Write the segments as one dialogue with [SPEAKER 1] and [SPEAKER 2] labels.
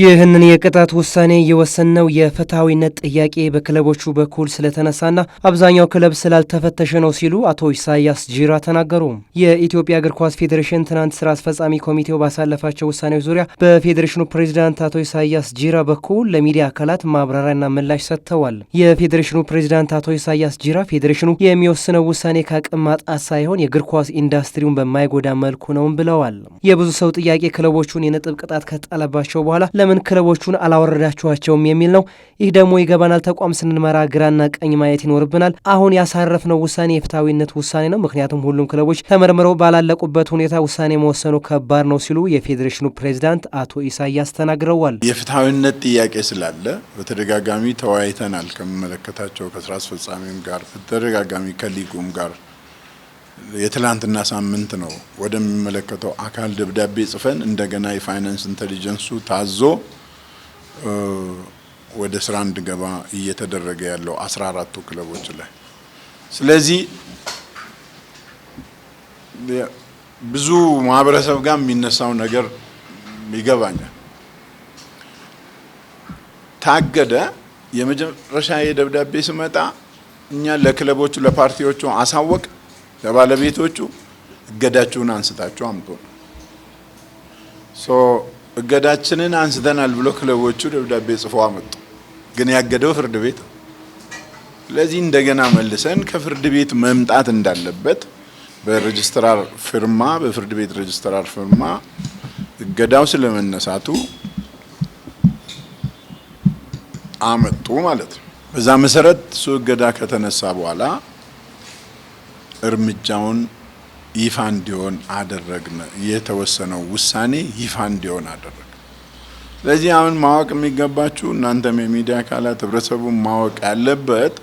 [SPEAKER 1] ይህንን የቅጣት ውሳኔ የወሰነው የፍትሐዊነት ጥያቄ በክለቦቹ በኩል ስለተነሳና አብዛኛው ክለብ ስላልተፈተሸ ነው ሲሉ አቶ ኢሳያስ ጂራ ተናገሩ። የኢትዮጵያ እግር ኳስ ፌዴሬሽን ትናንት ስራ አስፈጻሚ ኮሚቴው ባሳለፋቸው ውሳኔዎች ዙሪያ በፌዴሬሽኑ ፕሬዚዳንት አቶ ኢሳያስ ጂራ በኩል ለሚዲያ አካላት ማብራሪያና ምላሽ ሰጥተዋል። የፌዴሬሽኑ ፕሬዚዳንት አቶ ኢሳያስ ጂራ ፌዴሬሽኑ የሚወስነው ውሳኔ ከአቅም ማጣት ሳይሆን የእግር ኳስ ኢንዱስትሪውን በማይጎዳ መልኩ ነውም ብለዋል። የብዙ ሰው ጥያቄ ክለቦቹን የነጥብ ቅጣት ከጣለባቸው በኋላ ለምን ክለቦቹን አላወረዳችኋቸውም የሚል ነው። ይህ ደግሞ ይገባናል። ተቋም ስንመራ ግራና ቀኝ ማየት ይኖርብናል። አሁን ያሳረፍነው ውሳኔ የፍትሐዊነት ውሳኔ ነው፣ ምክንያቱም ሁሉም ክለቦች ተመርምረው ባላለቁበት ሁኔታ ውሳኔ መወሰኑ ከባድ ነው ሲሉ የፌዴሬሽኑ ፕሬዚዳንት አቶ ኢሳያስ ተናግረዋል።
[SPEAKER 2] የፍትሐዊነት ጥያቄ ስላለ በተደጋጋሚ ተወያይተናል። ከሚመለከታቸው ከስራ አስፈጻሚም ጋር በተደጋጋሚ ከሊጉም ጋር የትላንትና ሳምንት ነው ወደሚመለከተው አካል ደብዳቤ ጽፈን እንደገና የፋይናንስ ኢንቴሊጀንሱ ታዞ ወደ ስራ እንድገባ እየተደረገ ያለው አስራ አራቱ ክለቦች ላይ። ስለዚህ ብዙ ማህበረሰብ ጋር የሚነሳው ነገር ይገባኛል። ታገደ። የመጨረሻ የደብዳቤ ስመጣ እኛ ለክለቦቹ ለፓርቲዎቹ አሳወቅ ለባለቤቶቹ እገዳችሁን አንስታችሁ አምጡ ነው። እገዳችንን አንስተናል ብሎ ክለቦቹ ደብዳቤ ጽፎ አመጡ። ግን ያገደው ፍርድ ቤት። ስለዚህ እንደገና መልሰን ከፍርድ ቤት መምጣት እንዳለበት በሬጅስትራር ፊርማ በፍርድ ቤት ሬጅስትራር ፊርማ እገዳው ስለመነሳቱ አመጡ ማለት ነው። በዛ መሰረት እሱ እገዳ ከተነሳ በኋላ እርምጃውን ይፋ እንዲሆን አደረግን። የተወሰነው ውሳኔ ይፋ እንዲሆን አደረግ። ስለዚህ አሁን ማወቅ የሚገባችሁ እናንተም የሚዲያ አካላት ህብረተሰቡን ማወቅ ያለበት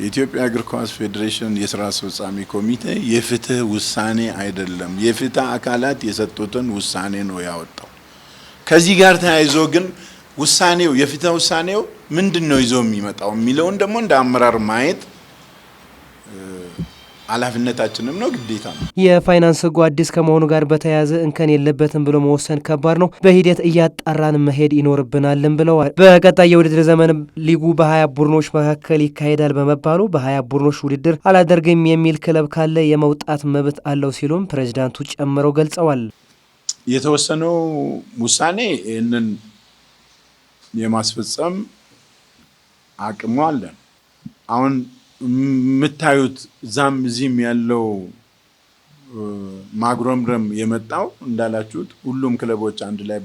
[SPEAKER 2] የኢትዮጵያ እግር ኳስ ፌዴሬሽን የስራ አስፈጻሚ ኮሚቴ የፍትህ ውሳኔ አይደለም፣ የፍትህ አካላት የሰጡትን ውሳኔ ነው ያወጣው። ከዚህ ጋር ተያይዞ ግን ውሳኔው የፍትህ ውሳኔው ምንድን ነው ይዞ የሚመጣው የሚለውን ደግሞ እንደ አመራር ማየት ኃላፊነታችንም ነው ግዴታ ነው።
[SPEAKER 1] የፋይናንስ ህጉ አዲስ ከመሆኑ ጋር በተያያዘ እንከን የለበትም ብሎ መወሰን ከባድ ነው፣ በሂደት እያጣራን መሄድ ይኖርብናልን ብለዋል። በቀጣይ የውድድር ዘመን ሊጉ በሀያ ቡድኖች መካከል ይካሄዳል በመባሉ በሀያ ቡድኖች ውድድር አላደርግም የሚል ክለብ ካለ የመውጣት መብት አለው ሲሉም ፕሬዚዳንቱ ጨምረው ገልጸዋል።
[SPEAKER 2] የተወሰነው ውሳኔ ይህንን የማስፈጸም አቅሙ አለን አሁን የምታዩት እዛም እዚህም ያለው ማጉረምረም የመጣው እንዳላችሁት ሁሉም ክለቦች አንድ ላይ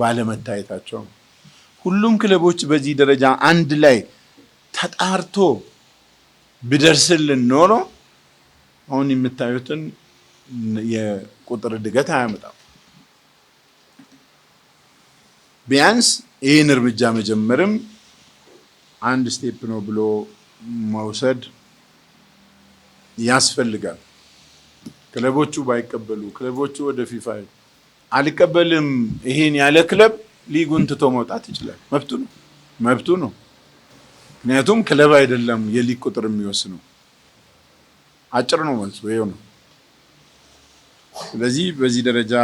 [SPEAKER 2] ባለመታየታቸው ሁሉም ክለቦች በዚህ ደረጃ አንድ ላይ ተጣርቶ ቢደርስልን ኖሮ አሁን የምታዩትን የቁጥር እድገት አያመጣም። ቢያንስ ይህን እርምጃ መጀመርም አንድ ስቴፕ ነው ብሎ መውሰድ ያስፈልጋል። ክለቦቹ ባይቀበሉ ክለቦቹ ወደ ፊፋ አልቀበልም ይሄን ያለ ክለብ ሊጉን ትቶ መውጣት ይችላል። መብቱ ነው መብቱ ነው። ምክንያቱም ክለብ አይደለም የሊግ ቁጥር የሚወስነው። አጭር ነው መልሱ ይኸው ነው። ስለዚህ በዚህ ደረጃ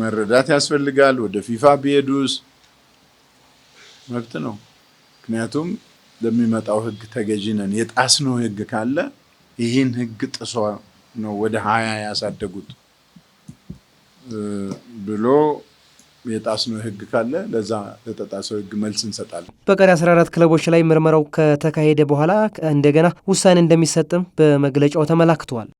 [SPEAKER 2] መረዳት ያስፈልጋል። ወደ ፊፋ ቢሄዱስ መብት ነው ምክንያቱም ለሚመጣው ህግ ተገዢ ነን። የጣስነው ህግ ካለ ይህን ህግ ጥሶ ነው ወደ ሀያ ያሳደጉት ብሎ የጣስነው ህግ ካለ ለዛ ለተጣሰው ህግ መልስ እንሰጣለን።
[SPEAKER 1] በቀሪ 14 ክለቦች ላይ ምርመራው ከተካሄደ በኋላ እንደገና ውሳኔ እንደሚሰጥም በመግለጫው ተመላክተዋል።